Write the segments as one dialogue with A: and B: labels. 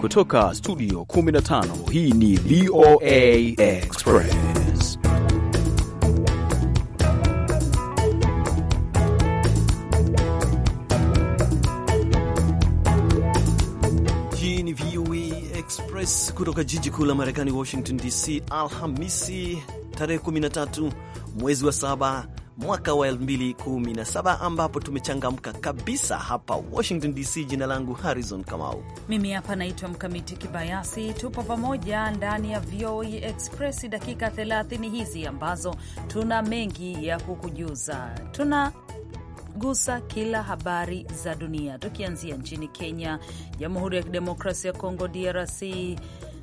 A: Kutoka studio 15 hii ni VOA Express.
B: Hii ni VOA Express kutoka jiji kuu la Marekani, Washington DC, Alhamisi tarehe 13 mwezi wa saba mwaka wa 2017 ambapo tumechangamka kabisa hapa Washington DC. Jina langu Harrison Kamau,
C: mimi hapa naitwa Mkamiti Kibayasi. Tupo pamoja ndani ya VOA e Express dakika 30 hizi ambazo tuna mengi ya kukujuza. tuna gusa kila habari za dunia tukianzia nchini Kenya, Jamhuri ya Kidemokrasia ya Kongo, DRC,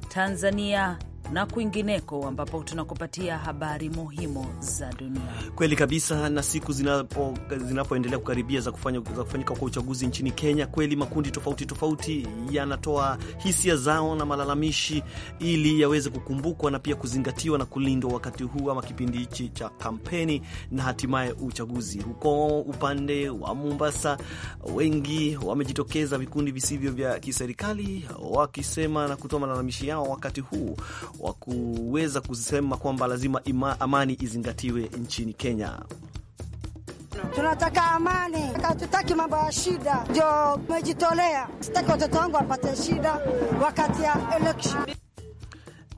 C: Tanzania, na kwingineko ambapo tunakupatia habari muhimu za dunia.
B: Kweli kabisa, na siku zinapoendelea zinapo kukaribia za, kufanya, za kufanyika kwa uchaguzi nchini Kenya, kweli makundi tofauti tofauti yanatoa hisia zao na malalamishi ili yaweze kukumbukwa na pia kuzingatiwa na kulindwa wakati huu ama kipindi hichi cha kampeni na hatimaye uchaguzi. Huko upande wa Mombasa, wengi wamejitokeza, vikundi visivyo vya kiserikali wakisema na kutoa malalamishi yao wakati huu wa kuweza kusema kwamba lazima ima, amani izingatiwe nchini Kenya.
D: Tunataka amani, hatutaki mambo ya shida, ndio tumejitolea. Sitaki watoto wangu wapate shida wakati ya election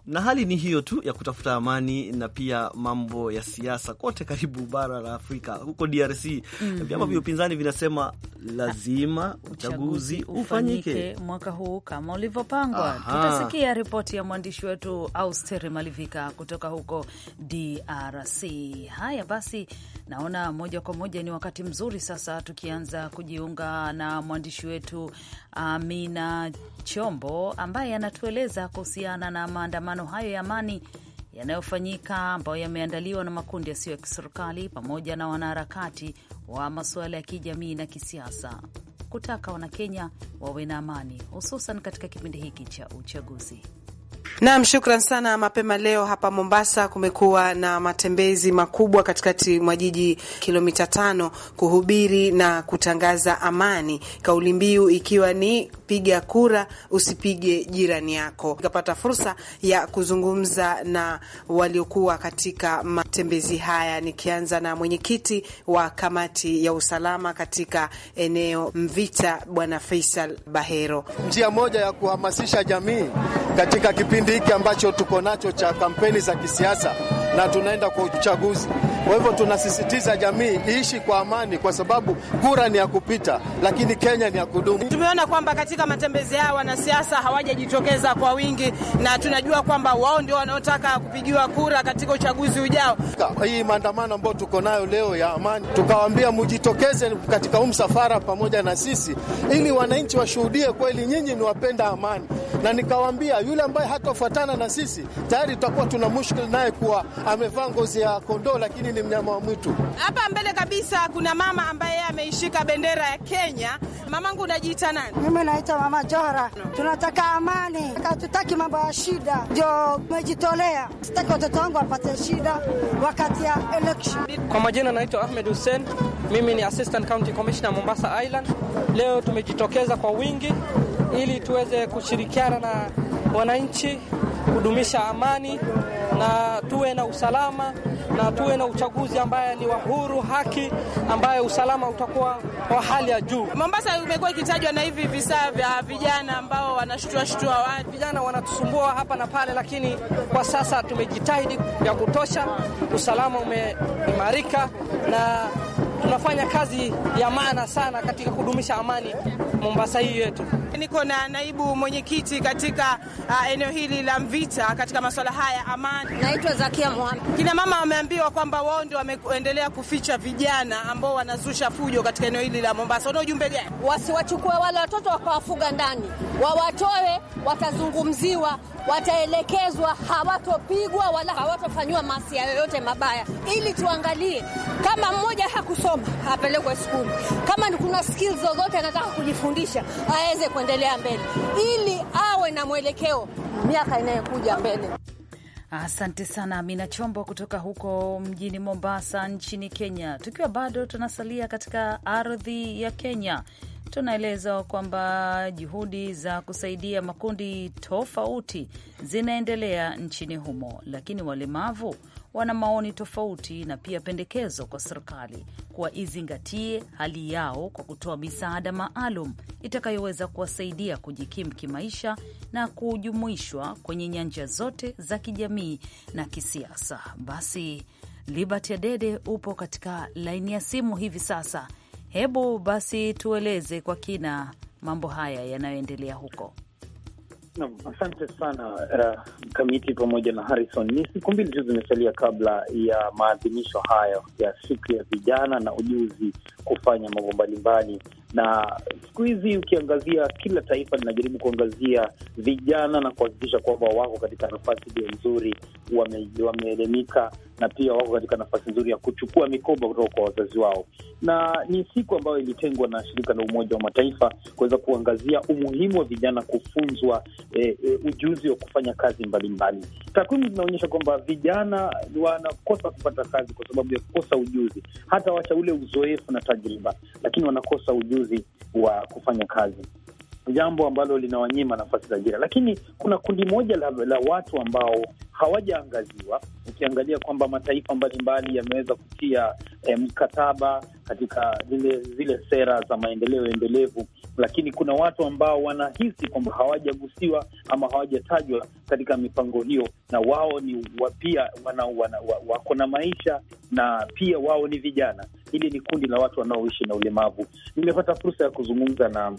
B: na hali ni hiyo tu ya kutafuta amani na pia mambo ya siasa kote karibu bara la Afrika. Huko DRC mhm. vyama mm -hmm. vya upinzani vinasema lazima uchaguzi ufanyike
C: mwaka huu kama ulivyopangwa. Tutasikia ripoti ya mwandishi wetu austeri Malivika kutoka huko DRC. Haya basi Naona moja kwa moja ni wakati mzuri sasa tukianza kujiunga na mwandishi wetu Amina Chombo ambaye anatueleza kuhusiana na maandamano hayo ya amani yanayofanyika ambayo yameandaliwa na makundi yasiyo ya kiserikali pamoja na wanaharakati wa masuala ya kijamii na kisiasa kutaka Wanakenya wawe na amani hususan katika kipindi hiki cha uchaguzi.
E: Naam, shukran sana. Mapema leo hapa Mombasa kumekuwa na matembezi makubwa katikati mwa jiji, kilomita tano, kuhubiri na kutangaza amani, kauli mbiu ikiwa ni piga kura, usipige jirani yako. Nikapata fursa ya kuzungumza na waliokuwa katika matembezi haya, nikianza na mwenyekiti wa kamati ya usalama katika eneo Mvita, Bwana Faisal Bahero.
F: Njia moja ya kuhamasisha jamii katika kipindi hiki ambacho tuko nacho cha kampeni za kisiasa na tunaenda kwa uchaguzi. Kwa hivyo
E: tunasisitiza jamii iishi kwa amani, kwa sababu kura ni ya kupita, lakini Kenya ni ya kudumu. Tumeona kwamba katika katika matembezi haya wanasiasa hawajajitokeza kwa wingi, na tunajua kwamba wao ndio wanaotaka kupigiwa kura katika uchaguzi ujao. Hii maandamano
F: ambayo tuko nayo leo ya amani, tukawaambia mujitokeze katika huu msafara pamoja na sisi, ili wananchi washuhudie kweli nyinyi ni wapenda amani, na nikawaambia yule ambaye hatafuatana na sisi tayari tutakuwa tuna mushkili naye, kuwa amevaa ngozi ya kondoo lakini ni mnyama
E: wa mwitu. Hapa mbele kabisa kuna mama ambaye ameishika bendera ya Kenya. Mamangu, unajiita nani? Mimi
D: hata mama Johara, tunataka amani, hatutaki mambo ya shida. Ndio tumejitolea, sitaki watoto wangu wapate shida wakati ya election.
E: Kwa majina naitwa Ahmed Hussein, mimi ni assistant county commissioner Mombasa Island. Leo tumejitokeza kwa wingi ili tuweze kushirikiana na wananchi kudumisha amani na tuwe na usalama na tuwe na uchaguzi ambaye ni wa huru, haki, ambaye usalama utakuwa wa hali ya juu. Mombasa imekuwa ikitajwa na hivi visa vya vijana ambao wanashtua shtua watu, vijana wanatusumbua hapa na pale, lakini kwa sasa tumejitahidi ya kutosha, usalama umeimarika na tunafanya kazi ya maana sana katika kudumisha amani Mombasa hii yetu. Niko na naibu mwenyekiti katika uh, eneo hili la Mvita katika masuala haya amani. Naitwa Zakia Mohamed. Kina mama wameambiwa kwamba wao ndio wameendelea kuficha vijana ambao wanazusha fujo katika eneo hili la Mombasa. Una ujumbe gani? Wasiwachukue wale watoto wakawafuga ndani, wawatoe, watazungumziwa, wataelekezwa, hawatopigwa wala hawatofanyiwa maasi yoyote mabaya, ili tuangalie kama mmoja hakusoma apelekwe skuli, kama kuna skills zozote anataka kujifunza kumfundisha aweze kuendelea mbele, ili awe na mwelekeo miaka inayokuja mbele.
C: Asante sana Amina Chombo kutoka huko mjini Mombasa nchini Kenya. Tukiwa bado tunasalia katika ardhi ya Kenya, tunaeleza kwamba juhudi za kusaidia makundi tofauti zinaendelea nchini humo, lakini walemavu wana maoni tofauti na pia pendekezo kwa serikali kuwa izingatie hali yao kwa kutoa misaada maalum itakayoweza kuwasaidia kujikimu kimaisha na kujumuishwa kwenye nyanja zote za kijamii na kisiasa. Basi Liberty Adede upo katika laini ya simu hivi sasa. Hebu basi tueleze kwa kina mambo haya yanayoendelea huko.
G: Naam, asante sana uh, eh, Kamiti pamoja na Harrison. Ni siku mbili tu zimesalia kabla ya maadhimisho hayo ya siku ya vijana na ujuzi kufanya mambo mbalimbali na siku hizi ukiangazia, kila taifa linajaribu kuangazia vijana na kuhakikisha kwamba wako katika nafasi iliyo nzuri, wameelemika, wame na pia wako katika nafasi nzuri ya kuchukua mikoba kutoka kwa wazazi wao, na ni siku ambayo ilitengwa na shirika la Umoja wa Mataifa kuweza kuangazia umuhimu wa vijana kufunzwa eh, eh, ujuzi wa kufanya kazi mbalimbali. Takwimu zinaonyesha kwamba vijana wanakosa kupata kazi kwa sababu ya kukosa ujuzi, hata wacha ule uzoefu na tajriba, lakini wanakosa ujuzi ujuzi wa kufanya kazi, jambo ambalo linawanyima nafasi za ajira. Lakini kuna kundi moja la, la watu ambao hawajaangaziwa. Ukiangalia kwamba mataifa mbalimbali yameweza kutia eh, mkataba katika zile zile sera za maendeleo endelevu, lakini kuna watu ambao wanahisi kwamba hawajagusiwa ama hawajatajwa katika mipango hiyo, na wao ni pia wako na maisha na pia wao ni vijana. Hili ni kundi la watu wanaoishi na ulemavu. Nimepata fursa ya kuzungumza na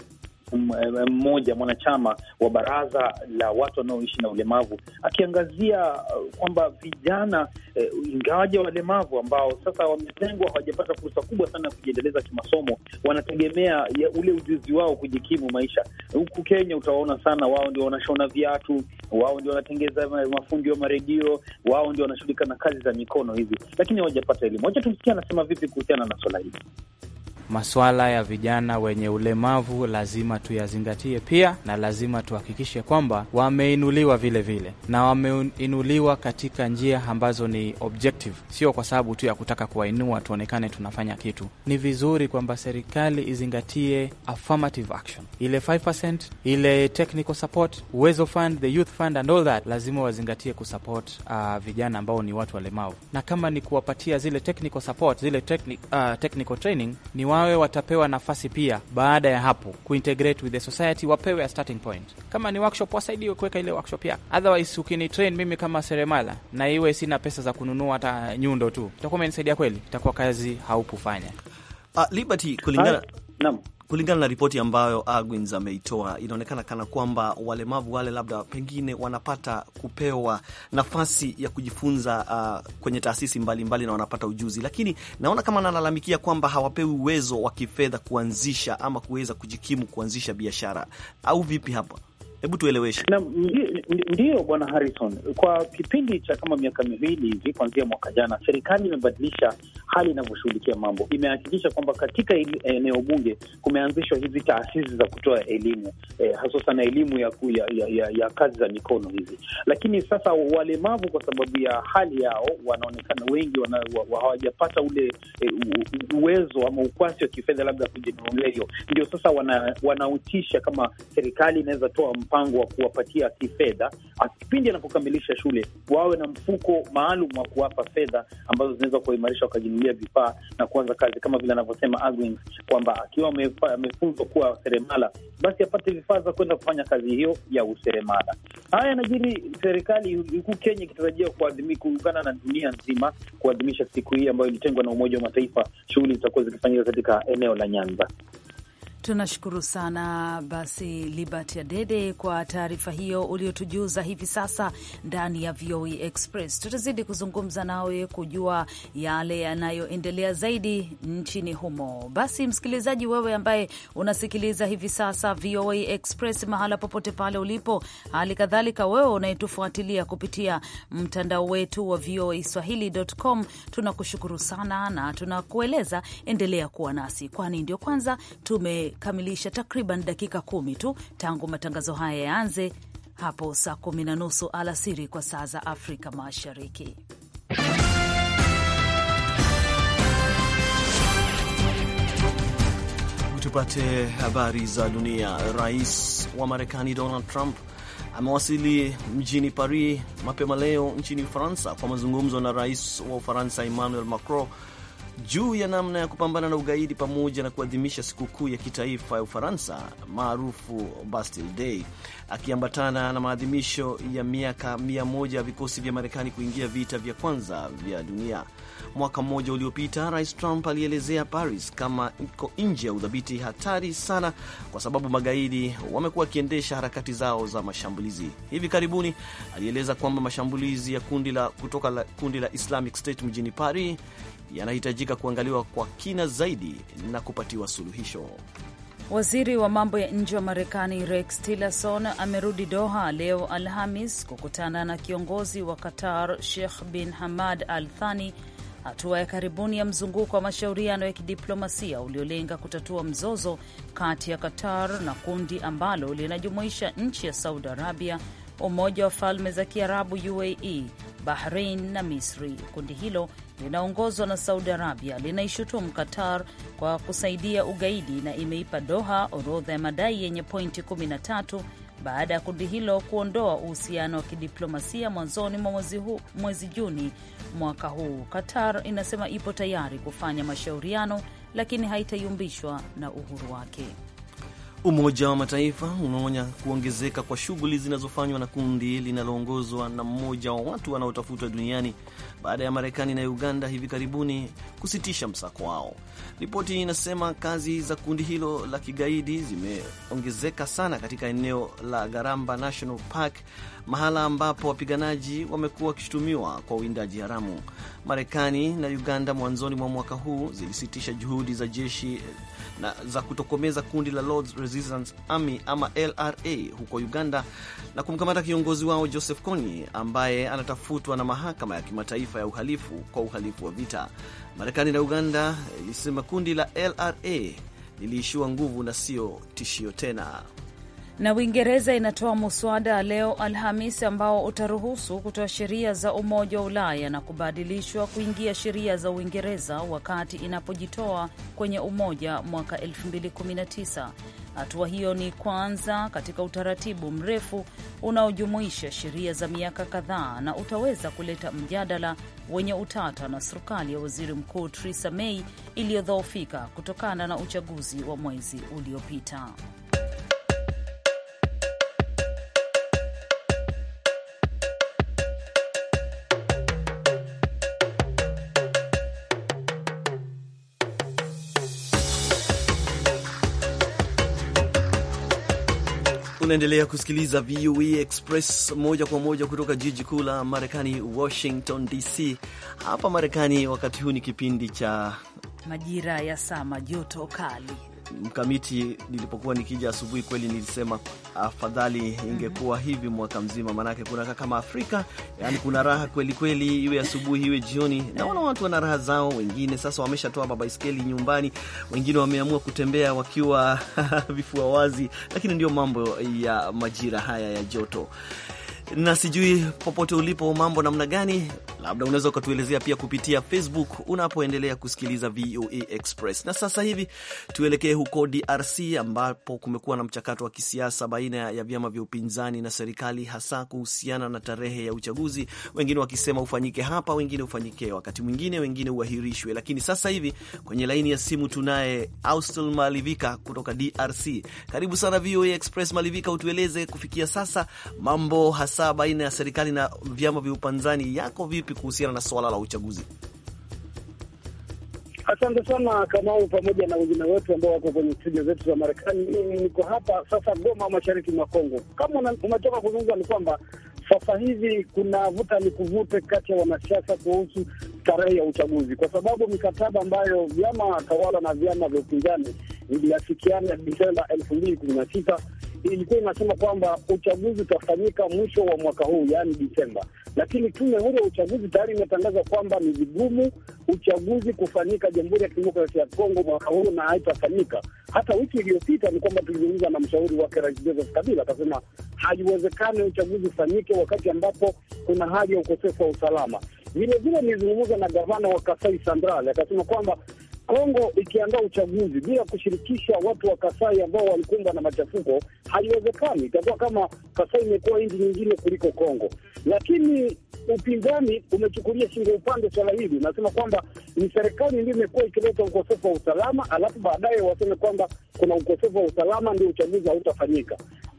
G: Eh, mmoja mwanachama wa baraza la watu wanaoishi na ulemavu, akiangazia eh, kwamba vijana eh, ingawaje walemavu ambao sasa wametengwa, hawajapata fursa kubwa sana ya kujiendeleza kimasomo, wanategemea ule ujuzi wao kujikimu maisha. Huku Kenya utawaona sana, wao ndio wanashona viatu, wao ndio wanatengeza mafundi wa maredio, wao ndio wanashughulika na kazi za mikono hizi, lakini hawajapata elimu. Wacha tumsikia anasema vipi kuhusiana na swala hili
H: maswala ya vijana wenye ulemavu lazima tuyazingatie pia, na lazima tuhakikishe kwamba wameinuliwa vile vile, na wameinuliwa katika njia ambazo ni objective, sio kwa sababu tu ya kutaka kuwainua tuonekane tunafanya kitu. Ni vizuri kwamba serikali izingatie affirmative action, ile 5%, ile technical support, uwezo fund, the youth fund and all that, lazima wazingatie kusupport uh, vijana ambao ni watu walemavu, na kama ni kuwapatia zile technical support, zile techni, uh, technical training ni wa wawe watapewa nafasi pia baada ya hapo kuintegrate with the society, wapewe a starting point. Kama ni workshop, wasaidiwe kuweka ile workshop yako. Otherwise ukinitrain mimi kama seremala na iwe sina pesa za kununua hata nyundo tu, itakuwa imenisaidia kweli? Itakuwa kazi haukufanya. Uh, Liberty
B: kulingana naam kulingana na ripoti ambayo Agwins ameitoa, inaonekana kana kwamba walemavu wale labda pengine wanapata kupewa nafasi ya kujifunza uh, kwenye taasisi mbalimbali mbali na wanapata ujuzi, lakini naona kama analalamikia kwamba hawapewi uwezo wa kifedha kuanzisha ama kuweza kujikimu kuanzisha biashara au vipi hapa? Hebu tueleweshe.
G: Ndiyo Bwana Harrison, kwa kipindi cha kama miaka miwili hivi kuanzia mwaka jana, serikali imebadilisha hali inavyoshughulikia mambo. Imehakikisha kwamba katika eneo bunge kumeanzishwa hizi taasisi za kutoa elimu eh, hasa sana elimu ya, ya, ya, ya, ya kazi za mikono hizi. Lakini sasa walemavu kwa sababu ya hali yao wanaonekana wengi hawajapata ule eh, uwezo ama ukwasi wa kifedha labda kujinunulia hiyo, ndio sasa wanautisha wana kama serikali inaweza toa mpango wa kuwapatia kifedha, kipindi anapokamilisha shule wawe na mfuko maalum wa kuwapa fedha ambazo zinaweza kuwaimarisha wakajinunulia vifaa na kuanza kazi, kama vile anavyosema Agwin kwamba akiwa amefunzwa kuwa seremala, basi apate vifaa za kwenda kufanya kazi hiyo ya useremala. Haya yanajiri serikali huku Kenya ikitarajia kuungana na dunia nzima kuadhimisha siku hii ambayo ilitengwa na Umoja wa Mataifa. Shughuli zitakuwa zikifanyika katika eneo la Nyanza.
C: Tunashukuru sana basi Liberty Adede kwa taarifa hiyo uliotujuza hivi sasa ndani ya VOA e Express. Tutazidi kuzungumza nawe kujua yale yanayoendelea zaidi nchini humo. Basi msikilizaji, wewe ambaye unasikiliza hivi sasa VOA e Express mahala popote pale ulipo, hali kadhalika wewe unayetufuatilia kupitia mtandao wetu wa VOA e Swahili.com, tunakushukuru sana na tunakueleza endelea kuwa nasi, kwani ndio kwanza tume tumekamilisha takriban dakika kumi tu tangu matangazo haya yaanze hapo saa kumi na nusu alasiri kwa saa za Afrika Mashariki.
B: Tupate habari za dunia. Rais wa Marekani Donald Trump amewasili mjini Paris mapema leo nchini Ufaransa kwa mazungumzo na rais wa Ufaransa Emmanuel Macron juu ya namna ya kupambana na ugaidi pamoja na kuadhimisha sikukuu ya kitaifa ya Ufaransa maarufu Bastille Day, akiambatana na maadhimisho ya miaka mia moja ya vikosi vya Marekani kuingia vita vya kwanza vya dunia. Mwaka mmoja uliopita, Rais Trump alielezea Paris kama iko nje ya udhabiti hatari sana, kwa sababu magaidi wamekuwa wakiendesha harakati zao za mashambulizi. Hivi karibuni alieleza kwamba mashambulizi ya kundi la kutoka la kundi la Islamic State mjini Paris yanahitajika zinahitajika kuangaliwa kwa kina zaidi na kupatiwa suluhisho.
C: Waziri wa mambo ya nje wa Marekani Rex Tillerson amerudi Doha leo Alhamis kukutana na kiongozi wa Qatar Sheikh bin Hamad Al Thani, hatua ya karibuni ya mzunguko wa mashauriano ya kidiplomasia uliolenga kutatua mzozo kati ya Qatar na kundi ambalo linajumuisha nchi ya Saudi Arabia, Umoja wa Falme za Kiarabu UAE, Bahrain na Misri. Kundi hilo linaongozwa na Saudi Arabia linaishutumu Qatar kwa kusaidia ugaidi na imeipa Doha orodha ya madai yenye pointi 13 baada ya kundi hilo kuondoa uhusiano wa kidiplomasia mwanzoni mwa mwezi Juni mwaka huu. Qatar inasema ipo tayari kufanya mashauriano, lakini haitayumbishwa na uhuru wake.
B: Umoja wa Mataifa unaonya kuongezeka kwa shughuli zinazofanywa na kundi linaloongozwa na mmoja wa watu wanaotafutwa duniani baada ya Marekani na Uganda hivi karibuni kusitisha msako wao. Ripoti inasema kazi za kundi hilo la kigaidi zimeongezeka sana katika eneo la Garamba National Park, mahala ambapo wapiganaji wamekuwa wakishutumiwa kwa uwindaji haramu. Marekani na Uganda mwanzoni mwa mwaka huu zilisitisha juhudi za jeshi na za kutokomeza kundi la Lords Resistance Army ama LRA huko Uganda na kumkamata kiongozi wao Joseph Kony ambaye anatafutwa na mahakama ya kimataifa ya uhalifu kwa uhalifu wa vita. Marekani na Uganda ilisema kundi la LRA liliishiwa nguvu na sio tishio tena.
C: Na Uingereza inatoa muswada leo Alhamis ambao utaruhusu kutoa sheria za Umoja wa Ulaya na kubadilishwa kuingia sheria za Uingereza wakati inapojitoa kwenye umoja mwaka 2019. Hatua hiyo ni kwanza katika utaratibu mrefu unaojumuisha sheria za miaka kadhaa na utaweza kuleta mjadala wenye utata na serikali ya Waziri Mkuu Theresa May iliyodhoofika kutokana na uchaguzi wa mwezi uliopita.
B: Unaendelea kusikiliza VOA e Express moja kwa moja kutoka jiji kuu la Marekani, Washington DC. Hapa Marekani wakati huu ni kipindi cha
C: majira ya sama joto kali
B: mkamiti, nilipokuwa nikija asubuhi, kweli nilisema afadhali ingekuwa mhm. hivi mwaka mzima, maanake kuna kama Afrika, yani kuna raha kweli kweli, iwe asubuhi iwe jioni. Naona watu wana raha zao, wengine sasa wameshatoa mabaiskeli nyumbani, wengine wameamua kutembea wakiwa vifua wazi, lakini ndio mambo ya majira haya ya joto na sijui popote ulipo, mambo namna gani? Labda unaweza ukatuelezea pia kupitia Facebook unapoendelea kusikiliza VOA Express. Na sasa hivi tuelekee huko DRC ambapo kumekuwa na mchakato wa kisiasa baina ya vyama vya upinzani na serikali, hasa kuhusiana na tarehe ya uchaguzi, wengine wakisema ufanyike hapa, wengine ufanyike wakati mwingine, wengine uahirishwe. Lakini sasa hivi kwenye laini ya simu tunaye Austel Malivika kutoka DRC. Karibu sana VOA Express, Malivika, utueleze kufikia sasa mambo hasa hasa baina ya serikali na vyama vya upinzani yako vipi kuhusiana na swala la uchaguzi?
I: Asante sana Kamau, pamoja na wengine wetu ambao wako kwenye studio zetu za Marekani. Mimi niko hapa sasa Goma, mashariki mwa Kongo. Kama umetoka kuzungumza, ni kwamba sasa hivi kuna vuta ni kuvute kati ya wanasiasa kuhusu tarehe ya uchaguzi, kwa sababu mikataba ambayo vyama tawala na vyama vya upinzani viliafikiana Desemba elfu mbili kumi na sita ilikuwa inasema kwamba uchaguzi utafanyika mwisho wa mwaka huu, yaani Disemba, lakini tume huru ya uchaguzi tayari imetangaza kwamba ni vigumu uchaguzi kufanyika Jamhuri ya Kidemokrasia ya Kongo mwaka huu na haitafanyika. Hata wiki iliyopita ni kwamba tulizungumza na mshauri wake Rais Joseph Kabila, akasema haiwezekani uchaguzi ufanyike wakati ambapo kuna hali ya ukosefu wa usalama. Vilevile nilizungumza na gavana wa Kasai Central, akasema kwamba Kongo ikiandaa uchaguzi bila kushirikisha watu wa Kasai ambao walikumbwa na machafuko haiwezekani. Itakuwa kama Kasai imekuwa nchi nyingine kuliko Kongo. Lakini upinzani umechukulia shingo upande swala hili, unasema kwamba ni serikali ndio imekuwa ikileta ukosefu wa usalama, alafu baadaye waseme kwamba kuna ukosefu wa usalama ndio uchaguzi hautafanyika.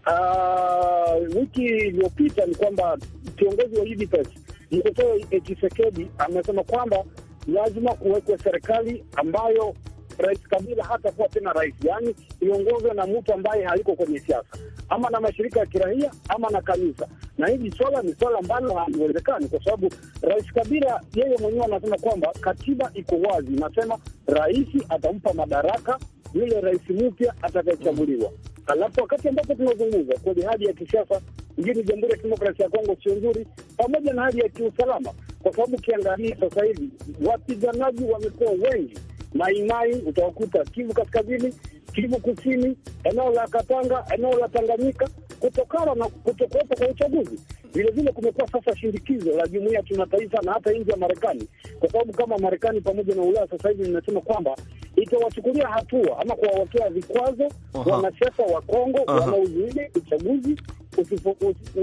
I: Uh, wiki iliyopita ni kwamba kiongozi wa UDPS Mkotoa Tshisekedi amesema kwamba lazima kuwekwe serikali ambayo Rais Kabila hatakuwa tena rais, yaani iongozwe na mtu ambaye haiko kwenye siasa ama na mashirika ya kiraia ama na kanisa. Na hili swala ni swala ambalo haliwezekani, kwa sababu Rais Kabila yeye mwenyewe anasema kwamba katiba iko wazi, inasema rais atampa madaraka yule rais mpya atakayechaguliwa. Alafu wakati ambapo tunazungumza kwenye hali ya kisiasa nchini Jamhuri ya Kidemokrasia ya Kongo sio nzuri, pamoja na hali ya kiusalama kwa sababu ukiangalia sasa hivi wapiganaji wamekuwa wengi Maimai utawakuta Kivu Kaskazini, Kivu Kusini, eneo la Katanga, eneo la Tanganyika, kutokana na kutokuwepo kwa uchaguzi. Vilevile kumekuwa sasa shindikizo la jumuia ya kimataifa na hata nchi ya Marekani, kwa sababu kama Marekani pamoja na Ulaya sasa hivi inasema kwamba itawachukulia hatua ama kuwawekea vikwazo wanasiasa wa Kongo wanaozuia uchaguzi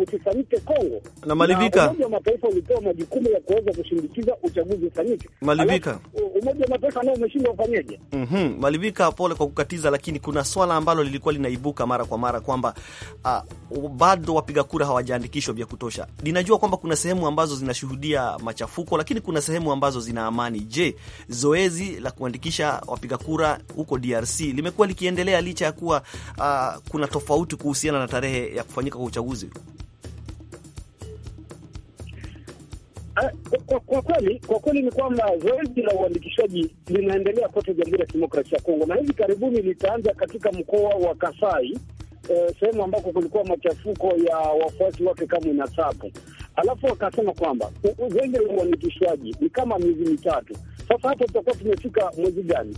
I: usifanyike Kongo.
B: Na Malivika, Umoja
I: wa Mataifa ulipewa majukumu ya kuweza kushindikiza uchaguzi ufanyike. Malivika, Umoja wa Mataifa nao umeshindwa ufanyeje?
B: mm -hmm. Malivika, pole kwa kukatiza, lakini kuna swala ambalo lilikuwa linaibuka mara kwa mara kwamba uh, bado wapiga kura hawajaandikishwa vya kutosha. Ninajua kwamba kuna sehemu ambazo zinashuhudia machafuko, lakini kuna sehemu ambazo zina amani. Je, zoezi la kuandikisha wapiga kura huko DRC limekuwa likiendelea licha ya kuwa uh, kuna tofauti kuhusiana na tarehe ya kufanyika uchaguzi?
I: Ah, kwa kweli kwa kweli ni kwamba zoezi la uandikishaji linaendelea kote Jamhuri ya Kidemokrasia ya Kongo, na hivi karibuni litaanza katika mkoa wa Kasai, e, sehemu ambako kulikuwa machafuko ya wafuasi wake kama inasapo, alafu wakasema kwamba zoezi la uandikishwaji ni kama miezi mitatu sasa. Hapo tutakuwa tumefika mwezi gani?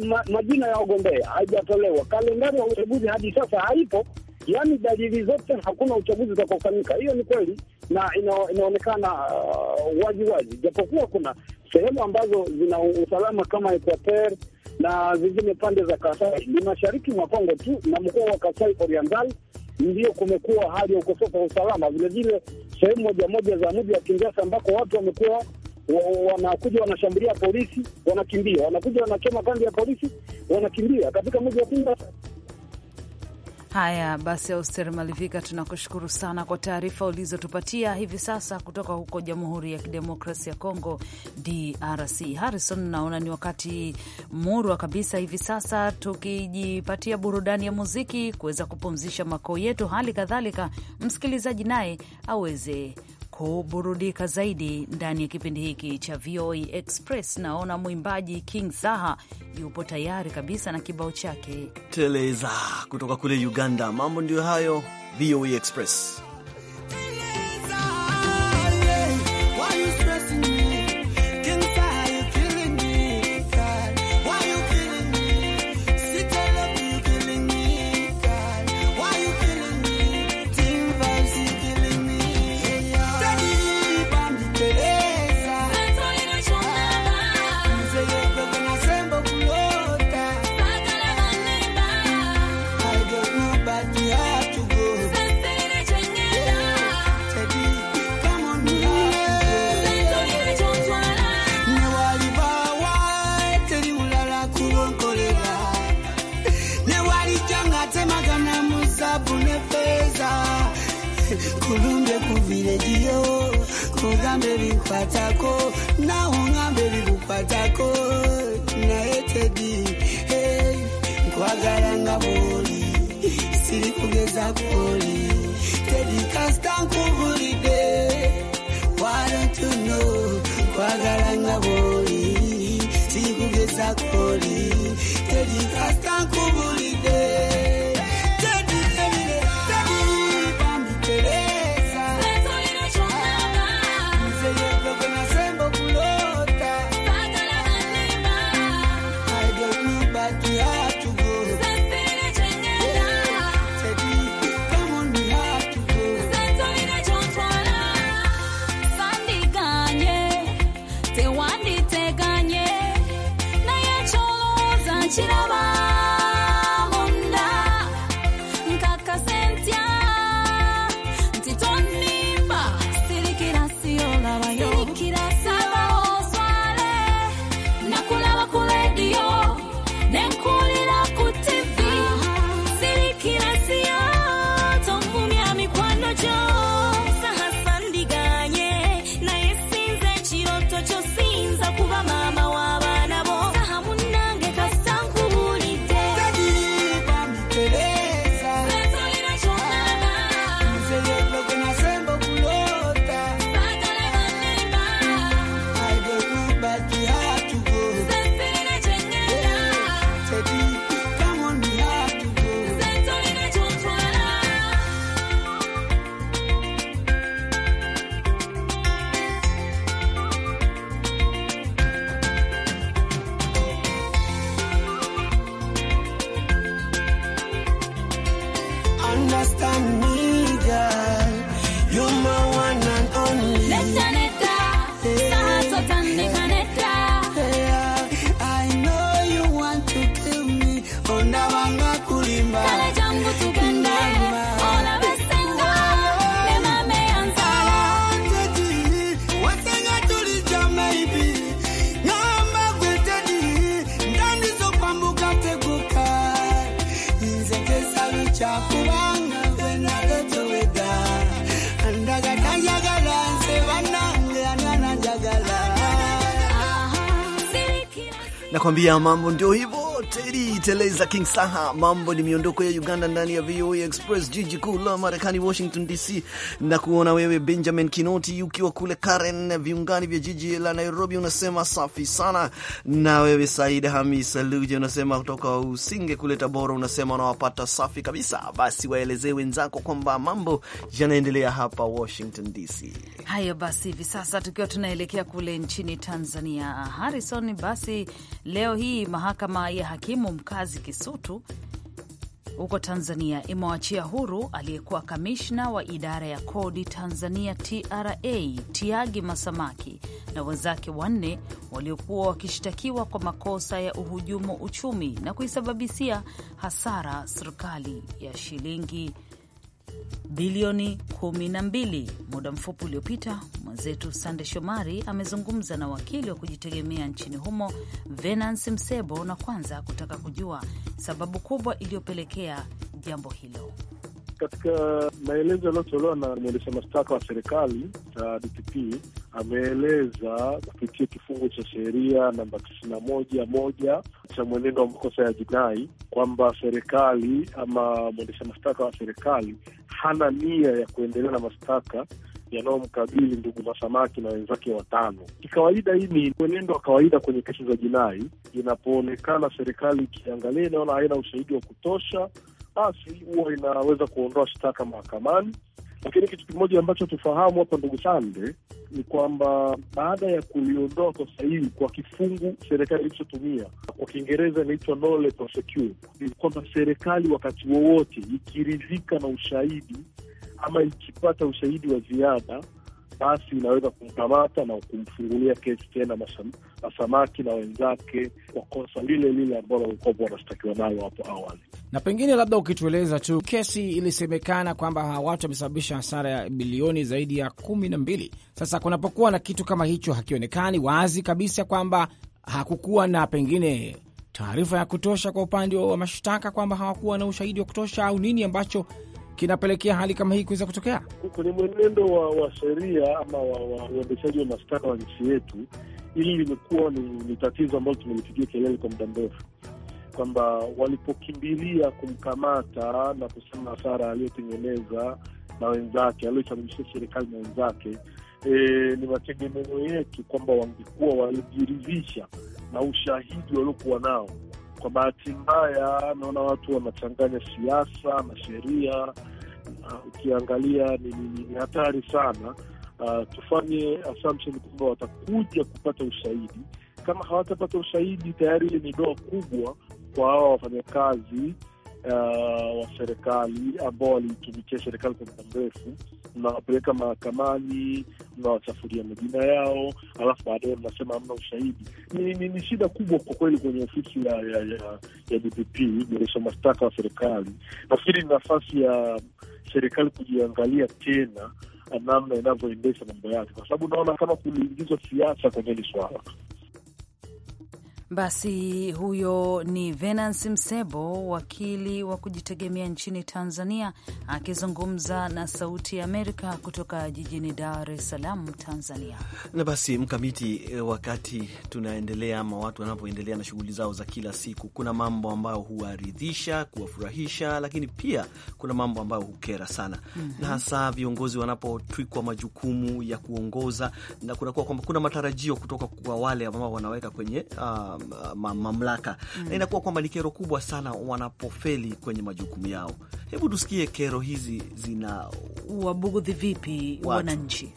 I: E, ma, majina ya wagombea haijatolewa, kalendari ya uchaguzi hadi sasa haipo. Yaani dalili zote hakuna uchaguzi utakaofanyika. Hiyo ni kweli na ina, inaonekana uh, wazi wazi, japokuwa kuna sehemu ambazo zina usalama kama Equateur na zingine pande za Kasai ni mashariki mwa Kongo tu na mkoa wa Kasai Oriental ndio kumekuwa hali ya ukosefu wa usalama. Vilevile sehemu moja moja za mji wa Kinshasa ambako watu wamekuwa wanakuja wanashambulia polisi, wanakimbia, wanakuja wanachoma kambi ya polisi, wanakimbia katika mji wa Kinshasa.
C: Haya basi, Auster Malivika, tunakushukuru sana kwa taarifa ulizotupatia hivi sasa kutoka huko Jamhuri ya Kidemokrasi ya Kongo, DRC. Harrison, naona ni wakati murwa kabisa hivi sasa tukijipatia burudani ya muziki kuweza kupumzisha makoo yetu, hali kadhalika msikilizaji naye aweze kuburudika zaidi ndani ya kipindi hiki cha VOA e Express. Naona mwimbaji King Saha yupo tayari kabisa na kibao chake
B: Teleza kutoka kule Uganda. Mambo ndio hayo, VOA e Express.
D: kulumbe kugambe bikwatako hey, boli kugeza koli tedi kasita why don't you know boli Yeah.
B: nakwambia mambo ndio hivyo. Teddy Teleza King Saha. Mambo ni miondoko ya Uganda ndani ya VOA Express, jiji kuu la Marekani, Washington DC, na kuona wewe Benjamin Kinoti ukiwa kule Karen, viungani vya jiji la Nairobi, unasema safi sana. Na wewe Saida Hamis Luje unasema kutoka Usinge kule Tabora, unasema unawapata safi kabisa. Basi waelezee wenzako kwamba mambo yanaendelea hapa Washington DC.
C: Haya basi, hivi sasa tukiwa tunaelekea kule nchini Tanzania, Harrison, basi leo hii mahakama ya haki hakimu mkazi Kisutu huko Tanzania imewachia huru aliyekuwa kamishna wa idara ya kodi Tanzania TRA Tiagi Masamaki na wenzake wanne waliokuwa wakishtakiwa kwa makosa ya uhujumu uchumi na kuisababishia hasara serikali ya shilingi bilioni 12. Muda mfupi uliopita mwenzetu Sande Shomari amezungumza na wakili wa kujitegemea nchini humo Venance Msebo, na kwanza kutaka kujua sababu kubwa iliyopelekea jambo hilo.
J: Katika maelezo yaliyotolewa na mwendesha mashtaka wa serikali za DPP ameeleza kupitia kifungu cha sheria namba tisini na moja moja cha mwenendo wa makosa ya jinai kwamba serikali ama mwendesha mashtaka wa serikali hana nia ya kuendelea na mashtaka yanayomkabili ndugu Masamaki na wenzake watano. Kikawaida, hii ni mwenendo wa kawaida kwenye kesi za jinai. Inapoonekana serikali ikiangalia, inaona haina ushahidi wa kutosha, basi huwa inaweza kuondoa shtaka mahakamani lakini kitu kimoja ambacho tufahamu hapa, ndugu Sande, ni kwamba baada ya kuliondoa kwa sahihi kwa kifungu serikali ilichotumia kwa Kiingereza inaitwa nolle ni kwamba serikali wakati wowote ikiridhika na ushahidi ama ikipata ushahidi wa ziada basi inaweza kumkamata na kumfungulia kesi tena Masamaki na wenzake kwa kosa lile lile ambalo walikuwa wanashtakiwa nayo hapo awali.
H: Na pengine labda ukitueleza tu, kesi ilisemekana kwamba hawa watu wamesababisha hasara ya bilioni zaidi ya kumi na mbili. Sasa kunapokuwa na kitu kama hicho hakionekani wazi kabisa kwamba hakukuwa na pengine taarifa ya kutosha kwa upande wa mashtaka kwamba hawakuwa na ushahidi wa kutosha au nini ambacho kinapelekea hali kama hii kuweza kutokea
J: kwenye mwenendo wa, wa sheria ama uendeshaji wa, wa, wa mashtaka wa nchi yetu. Hili limekuwa ni, ni tatizo ambalo tumelipigia kelele kwa muda mrefu kwamba walipokimbilia kumkamata na kusema hasara aliyotengeneza na wenzake aliyosababishia serikali na wenzake, e, ni mategemeo yetu kwamba wangekuwa walijiridhisha na ushahidi waliokuwa nao. Kwa bahati mbaya, naona watu wanachanganya siasa na sheria. Ukiangalia ni, ni, ni hatari sana. Uh, tufanye assumption kwamba watakuja kupata ushahidi. Kama hawatapata ushahidi, tayari ile ni doa kubwa kwa hawa wafanyakazi uh, wa serikali ambao walitumikia serikali kwa muda mrefu, mnawapeleka mahakamani, mnawachafuria majina yao, alafu baadaye mnasema hamna ushahidi. Ni, ni, ni shida kubwa kwa kweli kwenye ofisi ya ya, ya, ya DPP, mwendesha mashtaka wa serikali. Nafikiri ni nafasi ya serikali kujiangalia tena namna inavyoendesha mambo yake, kwa sababu unaona kama kuliingizwa siasa kwenye hili swala.
C: Basi huyo ni Venance Msebo, wakili wa kujitegemea nchini Tanzania, akizungumza na Sauti ya Amerika kutoka jijini Dar es Salaam, Tanzania.
B: Na basi Mkamiti, eh, wakati tunaendelea ama watu wanapoendelea na shughuli zao za kila siku, kuna mambo ambayo huwaridhisha, kuwafurahisha, lakini pia kuna mambo ambayo hukera sana mm -hmm. na hasa viongozi wanapotwikwa majukumu ya kuongoza na kunakuwa kwamba kuna matarajio kutoka kwa wale ambao wanaweka kwenye uh, Um, ma, mamlaka mm. na inakuwa kwamba ni kero kubwa sana wanapofeli kwenye majukumu yao. Hebu tusikie kero hizi zina wabugudhi vipi wananchi.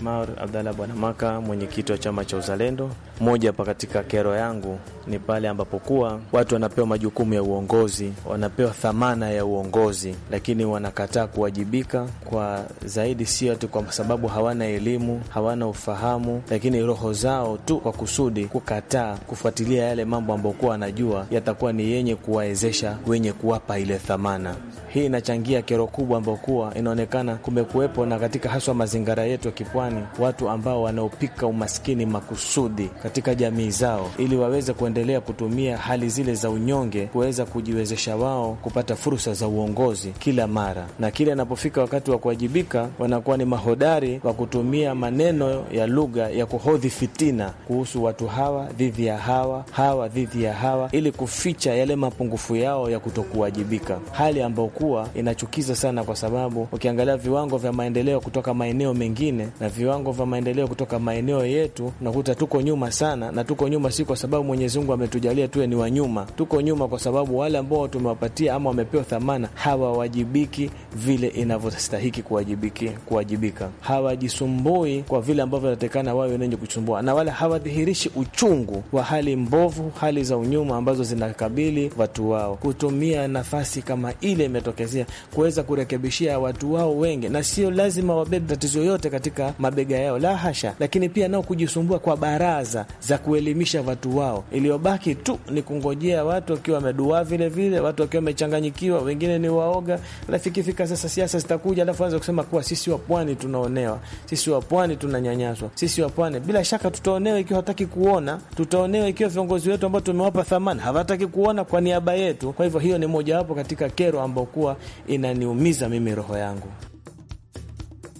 F: Maur Bwana Bwanamaka, mwenyekiti wa chama cha Uzalendo. Moja pa katika kero yangu ni pale ambapo kuwa watu wanapewa majukumu ya uongozi, wanapewa thamana ya uongozi, lakini wanakataa kuwajibika kwa zaidi, sio tu kwa sababu hawana elimu, hawana ufahamu, lakini roho zao tu kwa kusudi kukataa kufuatilia yale mambo ambayo kuwa wanajua yatakuwa ni yenye kuwawezesha wenye kuwapa ile thamana. Hii inachangia kero kubwa ambayo kuwa inaonekana kumekuwepo na katika haswa mazingira yetu ya kipwani fulani watu ambao wanaopika umaskini makusudi katika jamii zao, ili waweze kuendelea kutumia hali zile za unyonge kuweza kujiwezesha wao kupata fursa za uongozi kila mara, na kile anapofika wakati wa kuwajibika, wanakuwa ni mahodari wa kutumia maneno ya lugha ya kuhodhi fitina kuhusu watu hawa dhidi ya hawa, hawa dhidi ya hawa, ili kuficha yale mapungufu yao ya kutokuwajibika, hali ambayo kuwa inachukiza sana, kwa sababu ukiangalia viwango vya maendeleo kutoka maeneo mengine na viwango vya maendeleo kutoka maeneo yetu, nakuta tuko nyuma sana, na tuko nyuma si kwa sababu Mwenyezi Mungu ametujalia tuwe ni wanyuma. Tuko nyuma kwa sababu wale ambao tumewapatia ama wamepewa thamana hawawajibiki vile inavyostahiki kuwajibiki, kuwajibika. Hawajisumbui kwa vile ambavyo inatakikana wawe wenye kuchumbua, na wala hawadhihirishi uchungu wa hali mbovu, hali za unyuma ambazo zinakabili watu wao, kutumia nafasi kama ile imetokezea kuweza kurekebishia watu wao wengi, na sio lazima wabebe tatizo yote katika mabega yao, la hasha, lakini pia nao kujisumbua kwa baraza za kuelimisha watu wao. Iliyobaki tu ni kungojea watu wakiwa wameduaa, vile vile watu wakiwa wamechanganyikiwa, wengine ni waoga. Rafiki fika sasa siasa zitakuja, alafu anza kusema kuwa sisi wa pwani tunaonewa, sisi wa pwani tunanyanyaswa, sisi wa pwani. Bila shaka tutaonewa ikiwa hataki kuona, tutaonewa ikiwa viongozi wetu ambao tumewapa thamani hawataki kuona kwa niaba yetu. Kwa hivyo hiyo ni mojawapo katika kero ambayo
B: kuwa inaniumiza mimi roho yangu.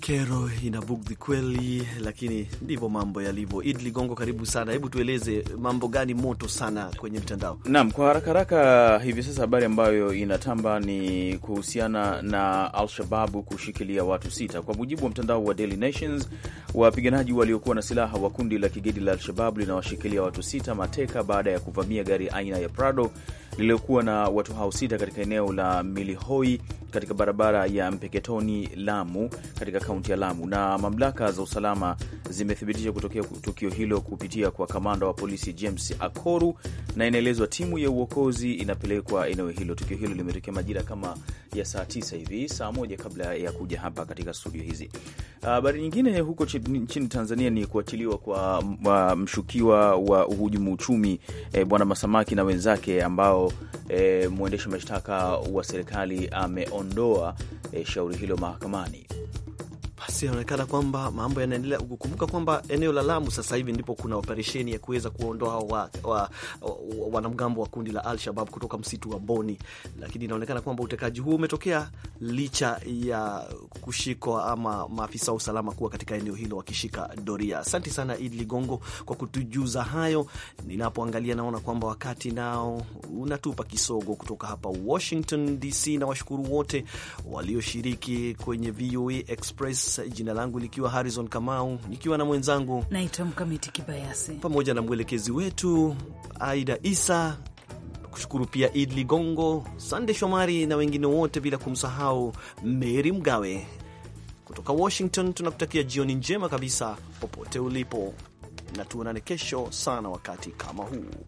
B: Kero inabugdhi kweli, lakini ndivyo mambo yalivyo. Id Ligongo, karibu sana. Hebu tueleze mambo gani moto sana kwenye mtandao?
A: Naam, kwa haraka haraka hivi sasa habari ambayo inatamba ni kuhusiana na Al-Shababu kushikilia watu sita. Kwa mujibu wa mtandao wa Daily Nations, wapiganaji waliokuwa na silaha wa kundi la kigaidi la Al-Shababu linawashikilia watu sita mateka baada ya kuvamia gari aina ya Prado lililokuwa na watu hao sita katika eneo la Milihoi katika barabara ya Mpeketoni Lamu katika kaunti ya Lamu, na mamlaka za usalama zimethibitisha kutokea tukio hilo kupitia kwa kamanda wa polisi James Akoru, na inaelezwa timu ya uokozi inapelekwa eneo hilo. Tukio hilo limetokea majira kama ya saa tisa hivi, saa moja kabla ya kuja hapa katika studio hizi. Habari nyingine huko nchini Tanzania ni kuachiliwa kwa mshukiwa wa uhujumu uchumi e, Bwana Masamaki na wenzake ambao e, mwendesha mashtaka wa serikali ameondoa e, shauri hilo mahakamani.
B: Basi inaonekana kwamba mambo yanaendelea. Kukumbuka kwamba eneo la Lamu sasa hivi ndipo kuna operesheni ya kuweza kuwaondoa wa, wanamgambo wa, wa, wa, wa kundi la Al-Shabab kutoka msitu wa Boni, lakini inaonekana kwamba utekaji huo umetokea licha ya kushikwa ama maafisa wa usalama kuwa katika eneo hilo wakishika doria. Asante sana Idi Ligongo kwa kutujuza hayo. Ninapoangalia naona kwamba wakati nao unatupa kisogo. Kutoka hapa Washington DC, na washukuru wote walioshiriki kwenye VOA Express jina langu likiwa Harrison Kamau, nikiwa na mwenzangu
C: naitwa Mkamiti Kibayasi,
B: pamoja na mwelekezi wetu Aida Isa. Kushukuru pia Id Ligongo, Sande Shomari na wengine wote, bila kumsahau Mary Mgawe kutoka Washington. Tunakutakia jioni njema kabisa popote ulipo, na tuonane kesho sana wakati kama huu.